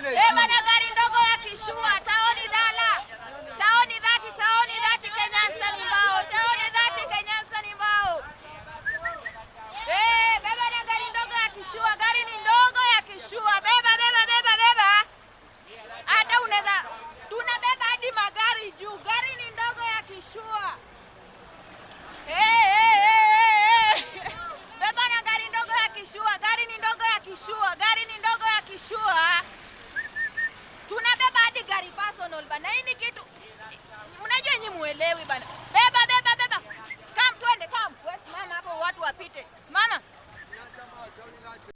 Eh, gari ndogo ya kishua taoni dhala taoni dhati taoni dhati ni mbao taoni dhati ni mbao eh, beba na gari ndogo ya kishua gari ni ndogo ya kishua beba beba beba beba hata unaweza tunabeba hadi magari juu gari ni ndogo ya kishua eh, ee, eh, ee, eh, eh. Beba na gari ndogo ya kishua gari ni ndogo ya kishua gari ni ndogo ya kishua bana, hii yaani ni kitu mnajua, nyinyi muelewi bana.